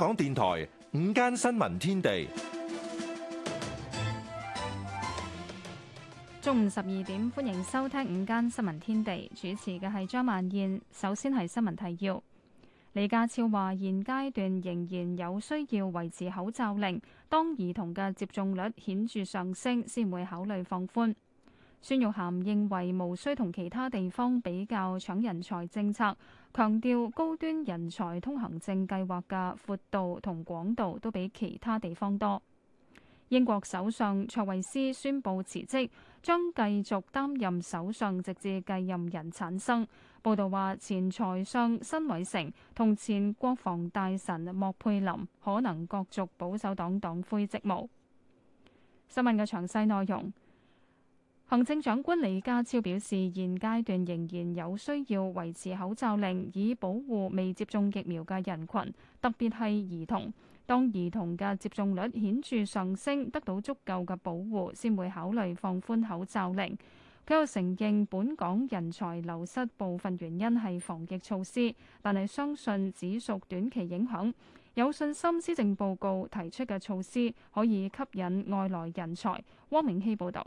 香港電台午間新聞天地，中午十二點。歡迎收聽午間新聞天地，主持嘅係張曼燕。首先係新聞提要。李家超話，現階段仍然有需要維持口罩令，當兒童嘅接種率顯著上升，先會考慮放寬。孫玉菡認為無需同其他地方比較搶人才政策，強調高端人才通行證計劃嘅闊度同廣度都比其他地方多。英國首相卓惠斯宣布辭職，將繼續擔任首相直至繼任人產生。報道話，前財相辛偉成同前國防大臣莫佩林可能角逐保守黨黨魁職務。新聞嘅詳細內容。行政長官李家超表示，現階段仍然有需要維持口罩令，以保護未接種疫苗嘅人群，特別係兒童。當兒童嘅接種率顯著上升，得到足夠嘅保護，先會考慮放寬口罩令。佢又承認，本港人才流失部分原因係防疫措施，但係相信只屬短期影響，有信心施政報告提出嘅措施可以吸引外來人才。汪明希報導。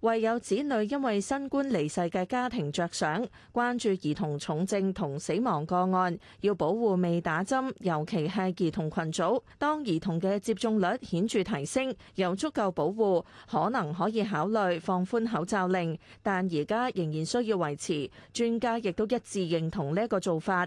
為有子女因為新冠離世嘅家庭着想，關注兒童重症同死亡個案，要保護未打針，尤其係兒童群組。當兒童嘅接種率顯著提升，有足夠保護，可能可以考慮放寬口罩令，但而家仍然需要維持。專家亦都一致認同呢個做法。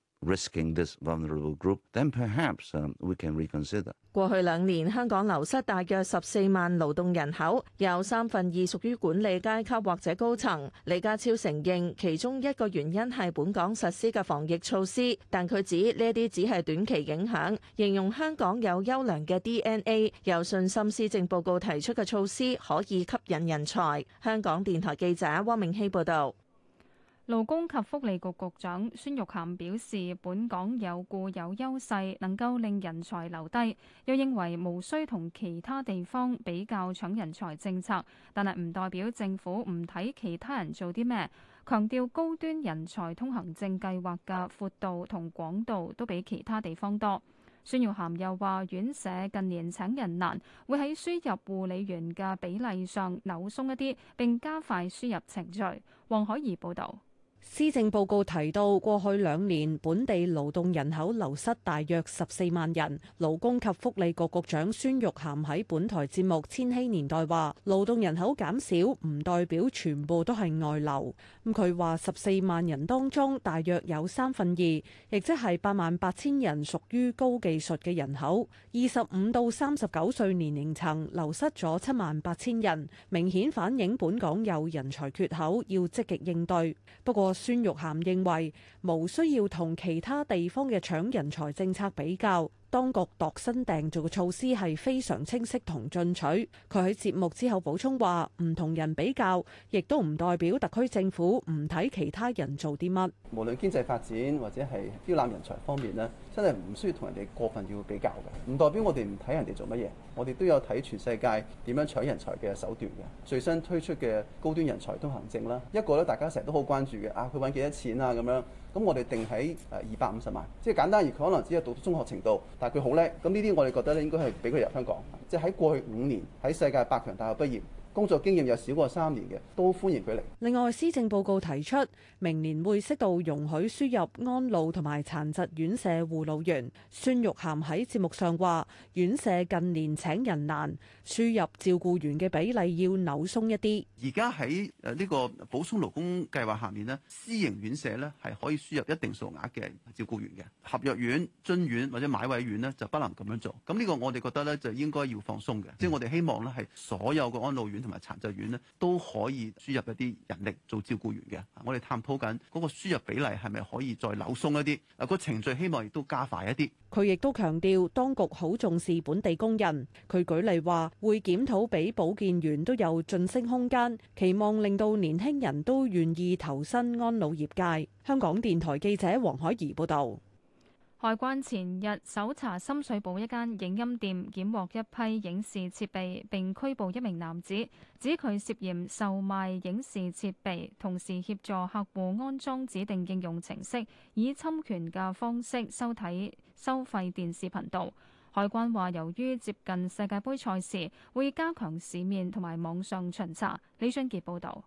Risking this vulnerable group, then perhaps we can reconsider。過去兩年，香港流失大約十四萬勞動人口，有三分二屬於管理階級或者高層。李家超承認其中一個原因係本港實施嘅防疫措施，但佢指呢啲只係短期影響，形容香港有優良嘅 DNA，有信心施政報告提出嘅措施可以吸引人才。香港電台記者汪明熙報導。勞工及福利局局長孫玉菡表示，本港有固有優勢，能夠令人才留低。又認為無需同其他地方比較搶人才政策，但係唔代表政府唔睇其他人做啲咩。強調高端人才通行證計劃嘅闊度同廣度都比其他地方多。孫玉菡又話，院舍近年請人難，會喺輸入護理員嘅比例上扭鬆一啲，並加快輸入程序。黃海怡報導。施政報告提到，過去兩年本地勞動人口流失大約十四萬人。勞工及福利局局長孫玉菡喺本台節目《千禧年代》話：勞動人口減少唔代表全部都係外流。咁佢話十四萬人當中，大約有三分二，亦即係八萬八千人屬於高技術嘅人口。二十五到三十九歲年齡層流失咗七萬八千人，明顯反映本港有人才缺口，要積極應對。不過，孫玉菡認為，無需要同其他地方嘅搶人才政策比較。當局度身訂造嘅措施係非常清晰同進取。佢喺節目之後補充話：唔同人比較，亦都唔代表特區政府唔睇其他人做啲乜。無論經濟發展或者係招攬人才方面咧，真係唔需要同人哋過分要比較嘅。唔代表我哋唔睇人哋做乜嘢，我哋都有睇全世界點樣搶人才嘅手段嘅。最新推出嘅高端人才通行證啦，一個咧大家成日都好關注嘅啊，佢揾幾多錢啊咁樣。咁我哋定喺二百五十萬，即係簡單，而佢可能只係讀到中學程度，但係佢好叻。咁呢啲我哋覺得咧，應該係俾佢入香港。即係喺過去五年喺世界百強大學畢業。工作經驗有少過三年嘅，都歡迎佢嚟。另外，施政報告提出明年會適度容許輸入安老同埋殘疾院舍護老員。孫玉涵喺節目上話，院舍近年請人難，輸入照顧員嘅比例要扭鬆一啲。而家喺誒呢個補充勞工計劃下面呢，私營院舍呢係可以輸入一定數額嘅照顧員嘅。合約院、津院或者買位院呢，就不能咁樣做。咁呢個我哋覺得呢，就應該要放鬆嘅，即係、嗯、我哋希望呢，係所有嘅安老院。同埋殘疾院咧都可以輸入一啲人力做照顧員嘅，我哋探討緊嗰個輸入比例係咪可以再扭鬆一啲，嗱，個程序希望亦都加快一啲。佢亦都強調，當局好重視本地工人。佢舉例話，會檢討俾保健員都有晉升空間，期望令到年輕人都願意投身安老業界。香港電台記者黃海怡報導。海關前日搜查深水埗一間影音店，檢獲一批影視設備，並拘捕一名男子，指佢涉嫌售賣影視設備，同時協助客戶安裝指定應用程式，以侵權嘅方式收睇收費電視頻道。海關話，由於接近世界杯賽事，會加強市面同埋網上巡查。李俊杰報道。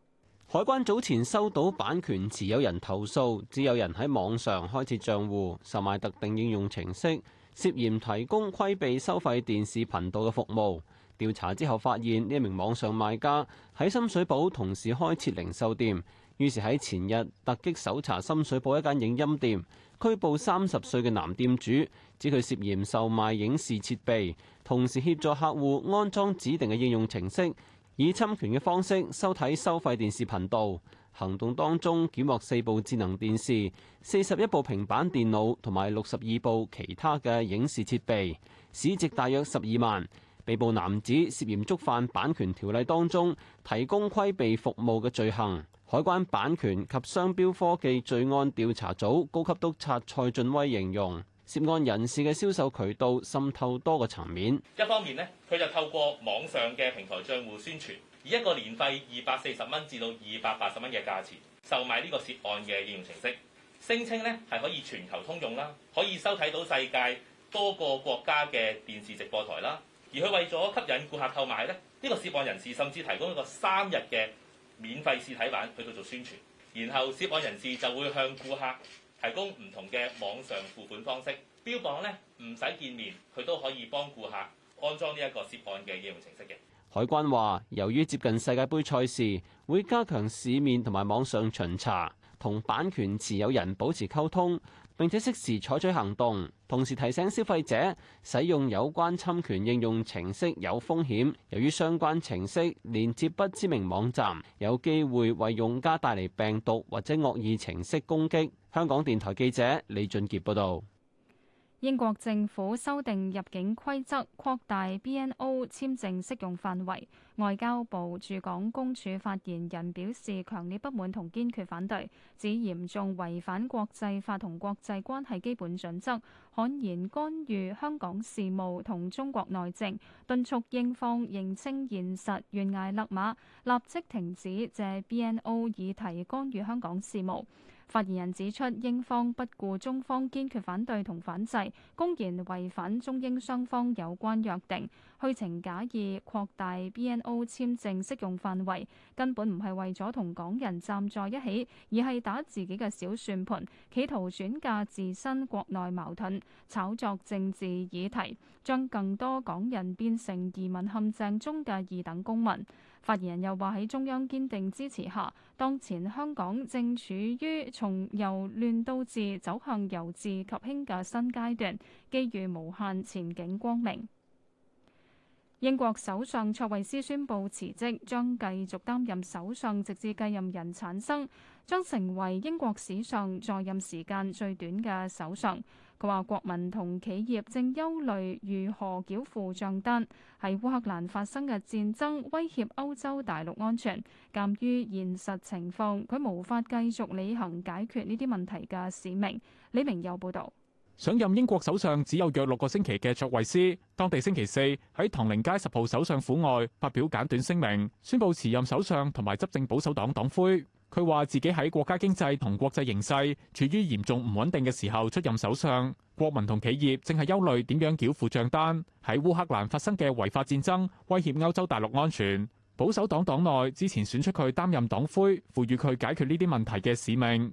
海關早前收到版權持有人投訴，指有人喺網上開設帳戶售賣特定應用程式，涉嫌提供規避收費電視頻道嘅服務。調查之後發現，呢一名網上賣家喺深水埗同時開設零售店，於是喺前日突擊搜查深水埗一間影音店，拘捕三十歲嘅男店主，指佢涉嫌售賣影視設備，同時協助客戶安裝指定嘅應用程式。以侵權嘅方式收睇收費電視頻道。行動當中，檢獲四部智能電視、四十一部平板電腦同埋六十二部其他嘅影視設備，市值大約十二萬。被捕男子涉嫌觸犯版權條例當中提供規避服務嘅罪行。海關版權及商標科技罪案調查組高級督察蔡俊威形容。涉案人士嘅銷售渠道滲透多個層面。一方面呢，佢就透過網上嘅平台賬戶宣傳，以一個年費二百四十蚊至到二百八十蚊嘅價錢售賣呢個涉案嘅應用程式，聲稱呢係可以全球通用啦，可以收睇到世界多個國家嘅電視直播台啦。而佢為咗吸引顧客購買呢，呢個涉案人士甚至提供一個三日嘅免費試睇版去到做宣傳，然後涉案人士就會向顧客。提供唔同嘅網上付款方式，標榜呢，唔使見面，佢都可以幫顧客安裝呢一個涉案嘅應用程式嘅。海關話，由於接近世界盃賽事，會加強市面同埋網上巡查，同版權持有人保持溝通，並且適時採取行動，同時提醒消費者使用有關侵權應用程式有風險。由於相關程式連接不知名網站，有機會為用家帶嚟病毒或者惡意程式攻擊。香港電台記者李俊傑報道，英國政府修訂入境規則擴大 BNO 簽證適用範圍，外交部駐港公署發言人表示，強烈不滿同堅決反對，指嚴重違反國際法同國際關係基本準則，悍然干預香港事務同中國內政，敦促英方認清現實懸崖勒馬，立即停止借 BNO 議題干預香港事務。發言人指出，英方不顧中方堅決反對同反制，公然違反中英雙方有關約定，虛情假意擴大 BNO 簽證適用範圍，根本唔係為咗同港人站在一起，而係打自己嘅小算盤，企圖轉嫁自身國內矛盾，炒作政治議題，將更多港人變成移民陷阱中嘅二等公民。發言人又話喺中央堅定支持下，當前香港正處於從由亂到治走向由治及興嘅新階段，機遇無限，前景光明。英國首相卓慧思宣布辭職，將繼續擔任首相，直至繼任人產生，將成為英國史上在任時間最短嘅首相。佢話：國民同企業正憂慮如何繳付帳單，係烏克蘭發生嘅戰爭威脅歐洲大陸安全。鑑於現實情況，佢無法繼續履行解決呢啲問題嘅使命。李明友報導。上任英國首相只有約六個星期嘅卓慧思，當地星期四喺唐寧街十號首相府外發表簡短聲明，宣布辭任首相同埋執政保守黨黨魁。佢話自己喺國家經濟同國際形勢處於嚴重唔穩定嘅時候出任首相，國民同企業正係憂慮點樣繳付帳單。喺烏克蘭發生嘅違法戰爭，威脅歐洲大陸安全，保守黨黨內之前選出佢擔任黨魁，賦予佢解決呢啲問題嘅使命。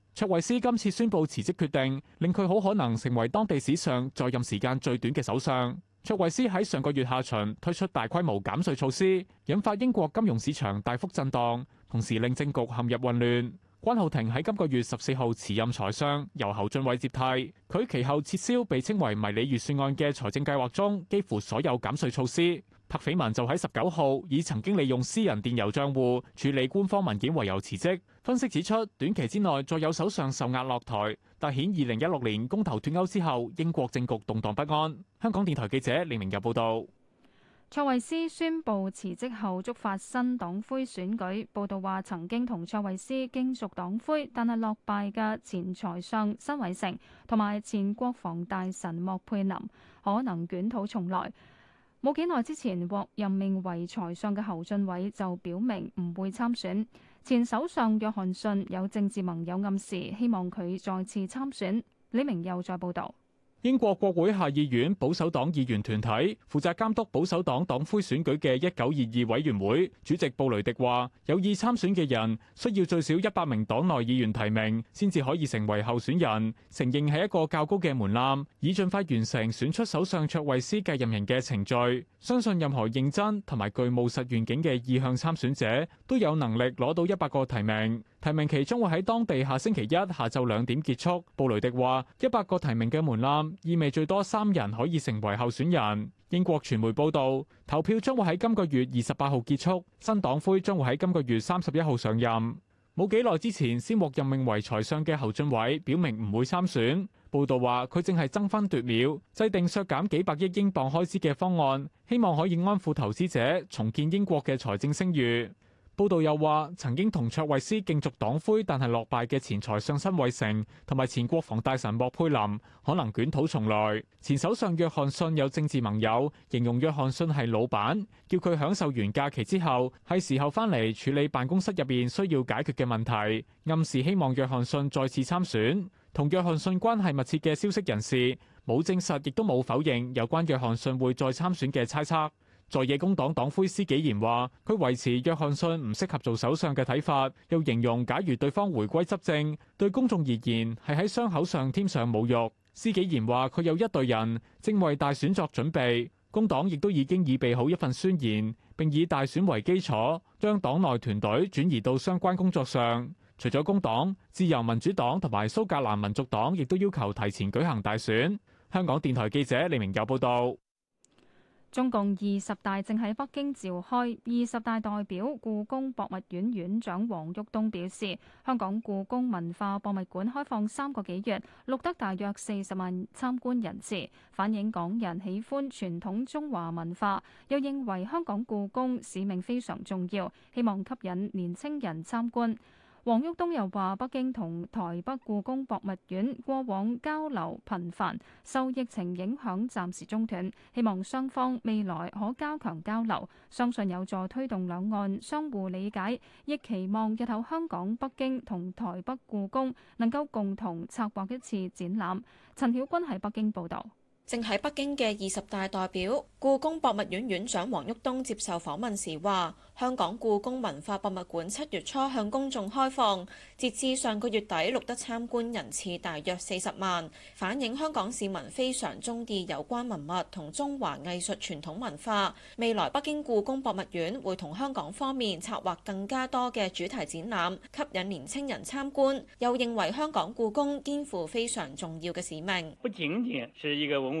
卓慧斯今次宣布辭職決定，令佢好可能成為當地史上在任時間最短嘅首相。卓慧斯喺上個月下旬推出大規模減稅措施，引發英國金融市場大幅震盪，同時令政局陷入混亂。關浩庭喺今個月十四號辭任財相，由侯俊偉接替。佢其後撤銷被稱為迷你預算案嘅財政計劃中幾乎所有減稅措施。柏斐文就喺十九號以曾經利用私人電郵帳戶處理官方文件為由辭職。分析指出，短期之內再有首相受壓落台，凸顯二零一六年公投脫歐之後英國政局動盪不安。香港電台記者李明日報道。卓慧思宣布辭職後觸發新黨魁選舉。報道話，曾經同卓慧思經屬黨魁但係落敗嘅前財相辛偉誠同埋前國防大臣莫佩林可能捲土重來。冇幾耐之前獲任命為財相嘅侯俊偉就表明唔會參選，前首相約翰遜有政治盟友暗示希望佢再次參選。李明又再報導。英國國會下議院保守黨議員團體負責監督保守黨黨魁選舉嘅一九二二委員會主席布雷迪話：有意參選嘅人需要最少一百名黨內議員提名，先至可以成為候選人，承認係一個較高嘅門檻，以盡快完成選出首相卓慧思繼任人嘅程序。相信任何認真同埋具務實願景嘅意向參選者都有能力攞到一百個提名。提名期將會喺當地下星期一下晝兩點結束。布雷迪話：一百個提名嘅門檻，意味最多三人可以成為候選人。英國傳媒報道，投票將會喺今個月二十八號結束，新黨魁將會喺今個月三十一號上任。冇幾耐之前，先獲任命為財相嘅侯俊偉表明唔會參選。報道話，佢正係爭分奪秒制定削減幾百億英鎊開支嘅方案，希望可以安撫投資者，重建英國嘅財政聲譽。報道又話，曾經同卓慧思競逐黨魁但係落敗嘅前財相辛偉誠同埋前國防大臣莫佩林可能捲土重來。前首相約翰遜有政治盟友形容約翰遜係老闆，叫佢享受完假期之後係時候返嚟處理辦公室入面需要解決嘅問題，暗示希望約翰遜再次參選。同約翰遜關係密切嘅消息人士冇證實亦都冇否認有關約翰遜會再參選嘅猜測。在野工黨黨魁施紀賢話，佢維持約翰遜唔適合做首相嘅睇法，又形容假如對方回歸執政，對公眾而言係喺傷口上添上侮辱。施紀賢話，佢有一隊人正為大選作準備，工黨亦都已經預備好一份宣言，並以大選為基礎，將黨內團隊轉移到相關工作上。除咗工黨，自由民主黨同埋蘇格蘭民族黨亦都要求提前舉行大選。香港電台記者李明佑報道。中共二十大正喺北京召開。二十大代表、故宮博物院院長王旭東表示，香港故宮文化博物館開放三個幾月，錄得大約四十萬參觀人次，反映港人喜歡傳統中華文化，又認為香港故宮使命非常重要，希望吸引年青人參觀。王旭東又話：北京同台北故宮博物院過往交流頻繁，受疫情影響暫時中斷，希望雙方未來可加強交流，相信有助推動兩岸相互理解，亦期望日後香港、北京同台北故宮能夠共同策劃一次展覽。陳曉君喺北京報道。正喺北京嘅二十大代表、故宮博物院院長王旭東接受訪問時話，香港故宮文化博物館七月初向公眾開放，截至上個月底錄得參觀人次大約四十萬，反映香港市民非常中意有關文物同中華藝術傳統文化。未來北京故宮博物院會同香港方面策劃更加多嘅主題展覽，吸引年輕人參觀，又認為香港故宮肩負非常重要嘅使命，不僅僅是一個文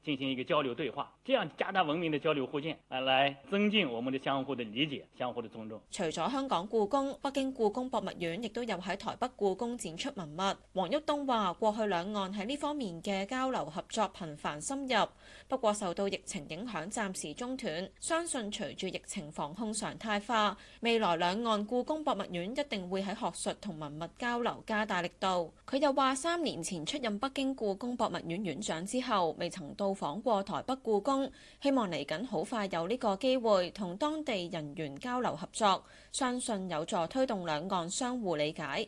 進行一個交流對話，這樣加大文明的交流互鑒，來，來增進我們的相互的理解，相互的尊重，重。除咗香港故宮、北京故宮博物院，亦都有喺台北故宮展出文物。黃旭東話：過去兩岸喺呢方面嘅交流合作頻繁深入，不過受到疫情影響暫時中斷。相信隨住疫情防控常態化，未來兩岸故宮博物院一定會喺學術同文物交流加大力度。佢又話：三年前出任北京故宮博物院院，院長之後，未曾到。到訪過台北故宮，希望嚟緊好快有呢個機會同當地人員交流合作，相信有助推動兩岸相互理解。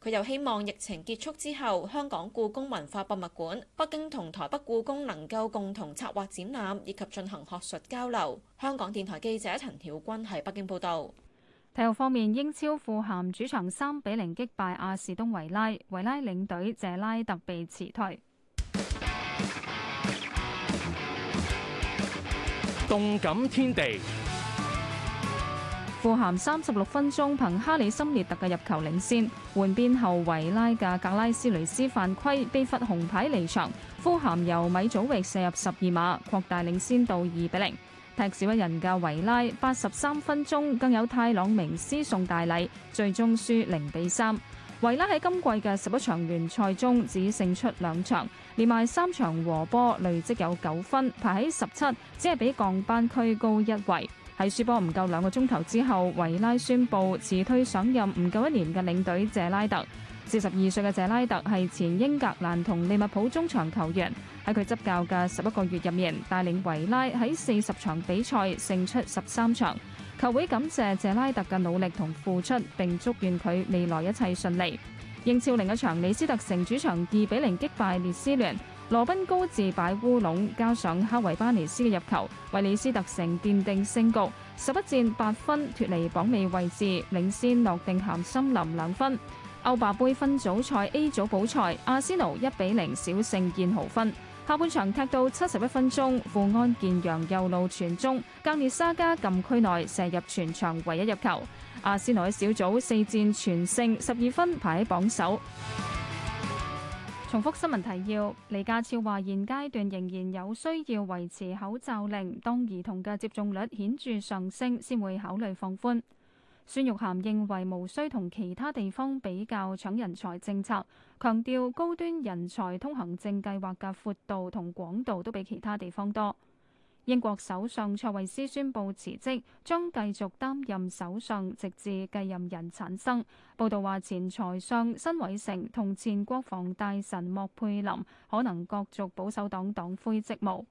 佢又希望疫情結束之後，香港故宮文化博物館、北京同台北故宮能夠共同策劃展覽，以及進行學術交流。香港電台記者陳曉君喺北京報導。體育方面，英超富咸主場三比零擊敗阿士東維拉，維拉領隊謝拉特被辭退。動感天地。富咸三十六分鐘憑哈里森列特嘅入球領先，換邊後維拉嘅格拉斯雷斯犯規被罰紅牌離場。富咸由米祖域射入十二碼擴大領先到二比零。踢少一人嘅維拉八十三分鐘更有泰朗明斯送大禮，最終輸零比三。維拉喺今季嘅十一場聯賽中只勝出兩場，連埋三場和波累積有九分，排喺十七，只係比降班區高一位。喺輸波唔夠兩個鐘頭之後，維拉宣布辭退上任唔夠一年嘅領隊謝拉特。四十二歲嘅謝拉特係前英格蘭同利物浦中場球員，喺佢執教嘅十一個月入面，帶領維拉喺四十場比賽勝出十三場。球會感謝謝拉特嘅努力同付出，並祝願佢未來一切順利。英超另一場，李斯特城主場二比零擊敗列斯聯。羅賓高自擺烏龍，加上哈維巴尼斯嘅入球，維里斯特城奠定勝局，十一戰八分脫離榜尾位置，領先諾定咸森林兩分。歐霸盃分組賽 A 組補賽，阿仙奴一比零小勝燕豪芬。下半場踢到七十一分鐘，富安健洋右路傳中，格列沙加禁區內射入全場唯一入球。阿仙奴喺小組四戰全勝，十二分排喺榜首。重複新聞提要。李家超話：現階段仍然有需要維持口罩令，當兒童嘅接種率顯著上升先會考慮放寬。孫玉菡認為無需同其他地方比較搶人才政策，強調高端人才通行證計劃嘅闊度同廣度都比其他地方多。英國首相卓慧斯宣布辭職，將繼續擔任首相直至繼任人產生。報道話，前財相辛偉誠同前國防大臣莫佩林可能角逐保守黨黨魁職務。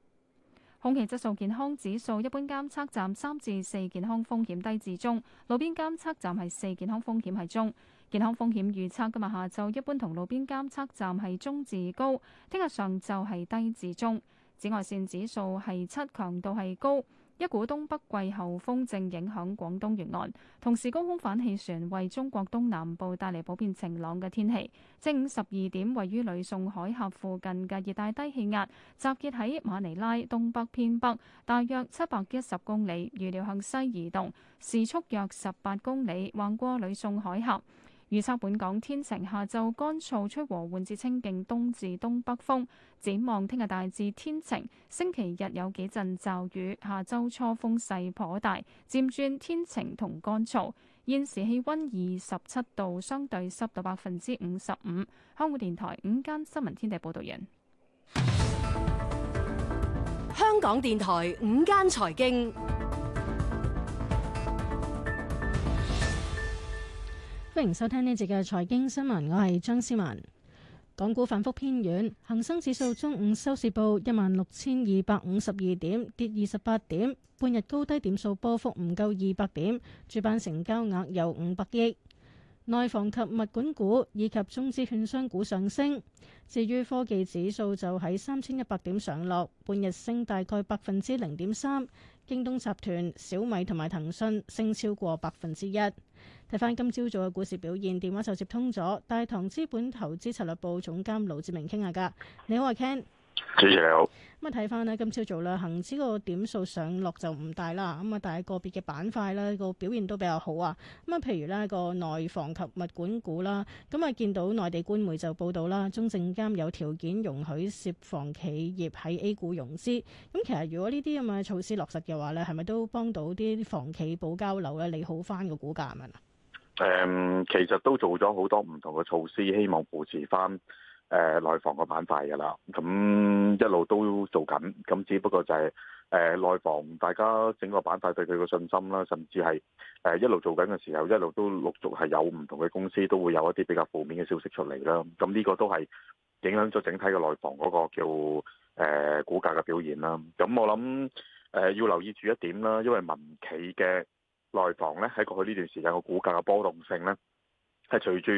空氣質素健康指數，一般監測站三至四，健康風險低至中，路邊監測站係四，健康風險係中。健康風險預測今日下晝一般同路邊監測站係中至高，聽日上晝係低至中。紫外線指數係七，強度係高。一股東北季候風正影響廣東沿岸，同時高空反氣旋為中國東南部帶嚟普遍晴朗嘅天氣。正午十二點，位於呂宋海峽附近嘅熱帶低氣壓集結喺馬尼拉東北偏北，大約七百一十公里，預料向西移動，時速約十八公里，橫過呂宋海峽。預測本港天晴，下晝乾燥，吹和緩至清勁東至東北風。展望聽日大致天晴，星期日有幾陣驟雨，下周初風勢頗大，漸轉天晴同乾燥。現時氣溫二十七度，相對濕度百分之五十五。香港電台午間新聞天地報道員。香港電台午間財經。歡迎收聽呢節嘅財經新聞，我係張思文。港股反覆偏軟，恒生指數中午收市報一萬六千二百五十二點，跌二十八點，半日高低點數波幅唔夠二百點。主板成交額有五百億。內房及物管股以及中資券商股上升。至於科技指數就喺三千一百點上落，半日升大概百分之零點三。京東集團、小米同埋騰訊升超過百分之一。睇翻今朝早嘅股市表現，電話就接通咗大唐資本投資策略部總監盧志明傾下㗎。你好，阿 Ken。謝謝你好。咁啊睇翻呢，今朝早咧，恆指個點數上落就唔大啦。咁啊，但係個別嘅板塊呢，個表現都比較好啊。咁啊，譬如呢個內房及物管股啦，咁啊見到內地官媒就報道啦，中證監有條件容許涉房企業喺 A 股融資。咁其實如果呢啲咁嘅措施落實嘅話呢係咪都幫到啲房企保交樓呢？利好翻個股價咁樣啊？誒，um, 其實都做咗好多唔同嘅措施，希望扶持翻，誒內房個板塊噶啦。咁一路都做緊，咁只不過就係誒內房，大家整個板塊對佢嘅信心啦，甚至係誒、呃、一路做緊嘅時候，一路都陸續係有唔同嘅公司都會有一啲比較負面嘅消息出嚟啦。咁呢個都係影響咗整體嘅內房嗰個叫誒、呃、股價嘅表現啦。咁我諗誒、呃、要留意住一點啦，因為民企嘅。內房咧喺過去呢段時間個股價嘅波動性咧，係隨住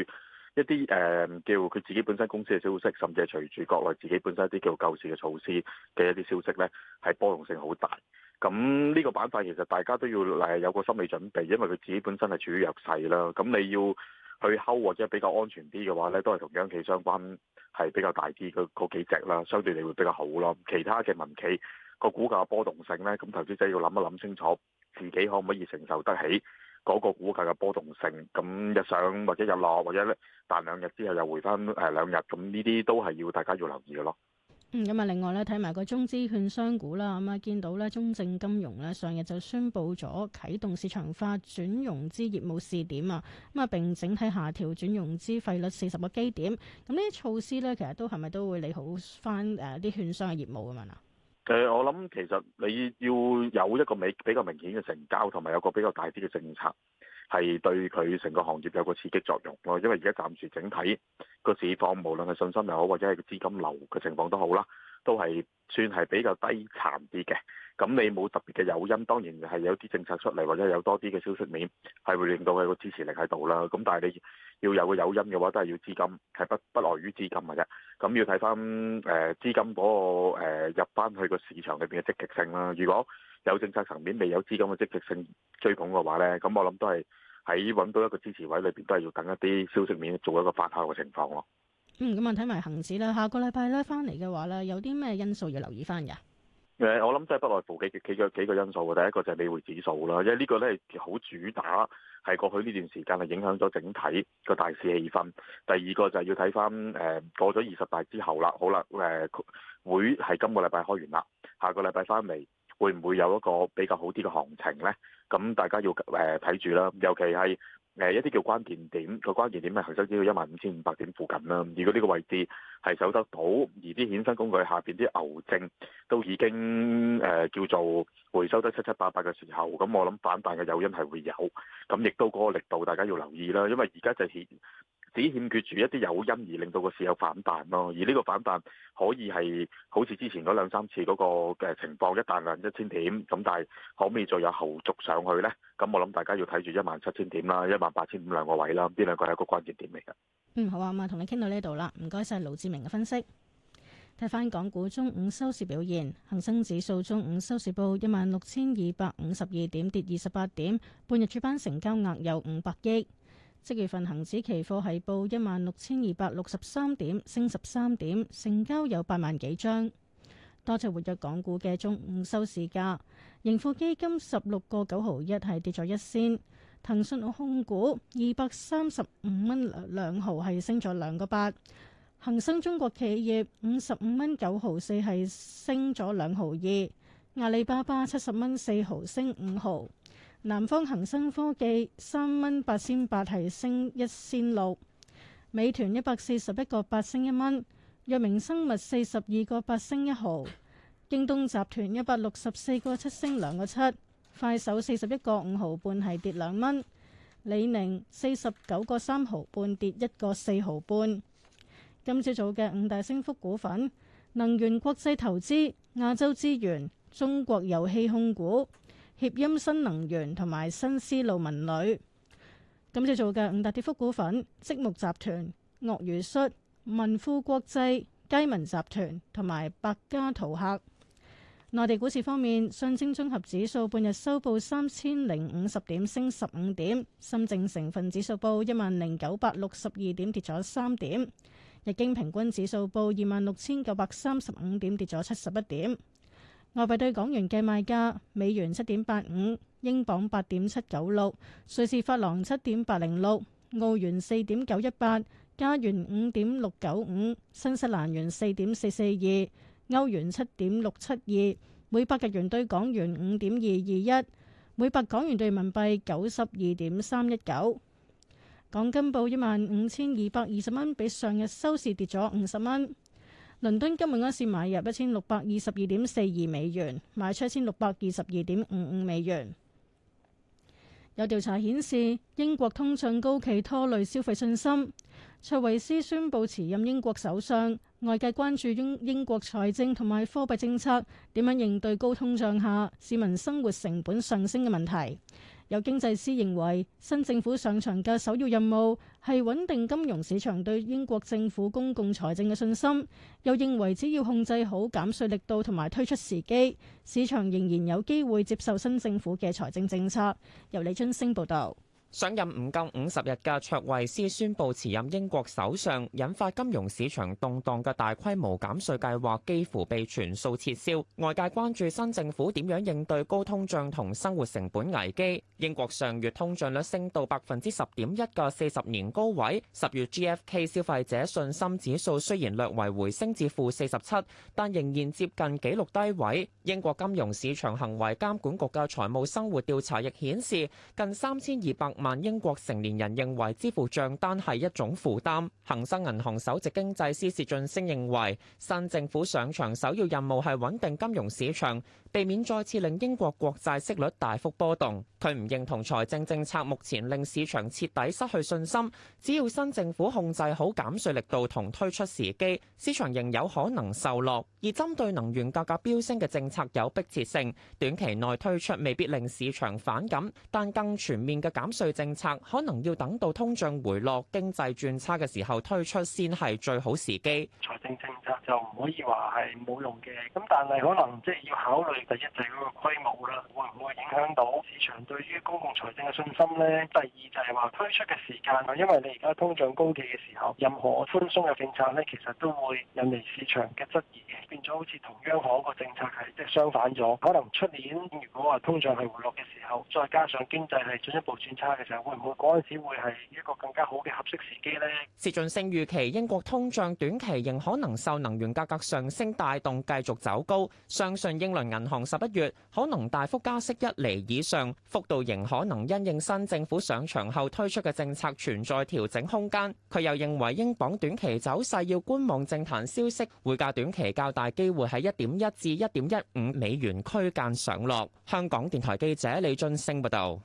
一啲誒、呃、叫佢自己本身公司嘅消息，甚至係隨住國內自己本身一啲叫救市嘅措施嘅一啲消息咧，係波動性好大。咁呢個板塊其實大家都要誒有個心理準備，因為佢自己本身係處於弱勢啦。咁你要去睺或者比較安全啲嘅話咧，都係同央企相關係比較大啲嘅嗰幾隻啦，相對嚟會比較好咯。其他嘅民企個股價波動性咧，咁投資者要諗一諗清楚。自己可唔可以承受得起嗰個股價嘅波動性？咁日上或者日落，或者彈兩日之後又回翻誒兩日，咁呢啲都係要大家要留意嘅咯、嗯。嗯，咁啊，另外咧睇埋個中資券商股啦，咁、嗯、啊見到咧中證金融咧上日就宣布咗啟動市場化轉融資業務試點啊，咁、嗯、啊並整體下調轉融資費率四十個基點。咁呢啲措施咧，其實都係咪都會利好翻誒啲券商嘅業務咁樣啊？誒，我諗其實你要有一個美比較明顯嘅成交，同埋有個比較大啲嘅政策，係對佢成個行業有個刺激作用咯。因為而家暫時整體個市況，無論係信心又好，或者係個資金流嘅情況都好啦，都係算係比較低殘啲嘅。咁你冇特別嘅誘因，當然係有啲政策出嚟，或者有多啲嘅消息面，係會令到佢個支持力喺度啦。咁但係你要有個誘因嘅話，都係要資金，係不不賴於資金嘅啫。咁要睇翻誒資金嗰、那個、呃、入翻去個市場裏邊嘅積極性啦。如果有政策層面未有資金嘅積極性追捧嘅話咧，咁我諗都係喺揾到一個支持位裏邊，都係要等一啲消息面做一個發酵嘅情況咯。嗯，咁啊睇埋恆指啦，下個禮拜咧翻嚟嘅話咧，有啲咩因素要留意翻㗎？誒，我諗真係不外乎幾幾個幾個因素喎。第一個就係美匯指數啦，因為呢個咧係好主打，係過去呢段時間係影響咗整體個大市氣氛。第二個就係要睇翻誒過咗二十大之後啦，好啦，誒會係今個禮拜開完啦，下個禮拜翻嚟會唔會有一個比較好啲嘅行情咧？咁大家要誒睇住啦，尤其係。誒一啲叫關鍵點，個關鍵點係恒生指數一萬五千五百點附近啦。如果呢個位置係守得到，而啲衍生工具下邊啲牛證都已經誒、呃、叫做回收得七七八八嘅時候，咁我諗反彈嘅誘因係會有，咁亦都嗰個力度大家要留意啦。因為而家就顯、是只欠缺住一啲有因而令到個市有反彈咯，啊，而呢個反彈可以係好似之前嗰兩三次嗰個嘅情況，一彈萬一千點咁，但係可唔可以再有後續上去呢？咁、嗯、我諗大家要睇住一萬七千點啦，一萬八千五兩個位啦，呢兩個係一個關鍵點嚟㗎。嗯，好啊，咁啊，同你傾到呢度啦，唔該晒，盧志明嘅分析。睇翻港股中午收市表現，恒生指數中午收市報一萬六千二百五十二點，跌二十八點，半日主板成交額有五百億。即月份恆指期貨係報一萬六千二百六十三點，升十三點，成交有八萬幾張。多隻活躍港股嘅中午收市價，盈富基金十六個九毫一係跌咗一仙，騰訊控股二百三十五蚊兩毫係升咗兩個八，恒生中國企業五十五蚊九毫四係升咗兩毫二，阿里巴巴七十蚊四毫升五毫。南方恒生科技三蚊八仙八係升一仙六，美團一百四十一個八升一蚊，藥明生物四十二個八升一毫，京東集團一百六十四個七升兩個七，快手四十一個五毫半係跌兩蚊，李寧四十九個三毫半跌一個四毫半。今朝早嘅五大升幅股份：能源國際投資、亞洲資源、中國油氣控股。協音新能源同埋新絲路文旅，今次做嘅五大跌幅股份：積木集團、鱷魚恤、民富國際、佳民集團同埋百家圖客。內地股市方面，上證綜合指數半日收報三千零五十點，升十五點；深證成分指數報一萬零九百六十二點，跌咗三點；日經平均指數報二萬六千九百三十五點，跌咗七十一點。外幣兌港元嘅賣價：美元七點八五，英鎊八點七九六，瑞士法郎七點八零六，澳元四點九一八，加元五點六九五，新西蘭元四點四四二，歐元七點六七二，每百日元兌港元五點二二一，每百港元兌人民幣九十二點三一九。港金報一萬五千二百二十蚊，15, 比上日收市跌咗五十蚊。倫敦今日安市買入一千六百二十二點四二美元，賣出一千六百二十二點五五美元。有調查顯示，英國通脹高企拖累消費信心。卓慧思宣布辭任英國首相，外界關注英英國財政同埋貨幣政策點樣應對高通脹下市民生活成本上升嘅問題。有經濟師認為，新政府上場嘅首要任務係穩定金融市場對英國政府公共財政嘅信心，又認為只要控制好減稅力度同埋推出時機，市場仍然有機會接受新政府嘅財政政策。由李春星報導。上任唔夠五十日嘅卓慧斯宣布辭任英國首相，引發金融市場動盪嘅大規模減稅計劃幾乎被全數撤銷。外界關注新政府點樣應對高通脹同生活成本危機。英國上月通脹率升到百分之十點一嘅四十年高位。十月 GFK 消費者信心指數雖然略為回升至負四十七，但仍然接近紀錄低位。英國金融市場行為監管局嘅財務生活調查亦顯示近 3,，近三千二百。萬英國成年人認為支付賬單係一種負擔。恒生銀行首席經濟師薛俊升認為，新政府上場首要任務係穩定金融市場，避免再次令英國國債息率大幅波動。佢唔認同財政政策目前令市場徹底失去信心。只要新政府控制好減稅力度同推出時機，市場仍有可能受落。而針對能源價格飆升嘅政策有迫切性，短期內推出未必令市場反感，但更全面嘅減稅政策可能要等到通脹回落、經濟轉差嘅時候推出，先係最好時機。財政政策就唔可以話係冇用嘅，咁但係可能即係要考慮第一就係個規模啦，會唔會影響到市場對於公共財政嘅信心咧？第二就係話推出嘅時間啊，因為你而家通脹高企嘅時候，任何寬鬆嘅政策咧，其實都會引嚟市場嘅質疑嘅，變咗好似同央行個政策係即係相反咗。可能出年如果話通脹係回落嘅時候，再加上經濟係進一步轉差。其實會唔會嗰陣時會係一個更加好嘅合適時機呢？時進升預期英國通脹短期仍可能受能源價格上升帶動繼續走高，相信英倫銀行十一月可能大幅加息一厘以上，幅度仍可能因應新政府上場後推出嘅政策存在調整空間。佢又認為英鎊短期走勢要觀望政壇消息，匯價短期較大機會喺一點一至一點一五美元區間上落。香港電台記者李進升報道。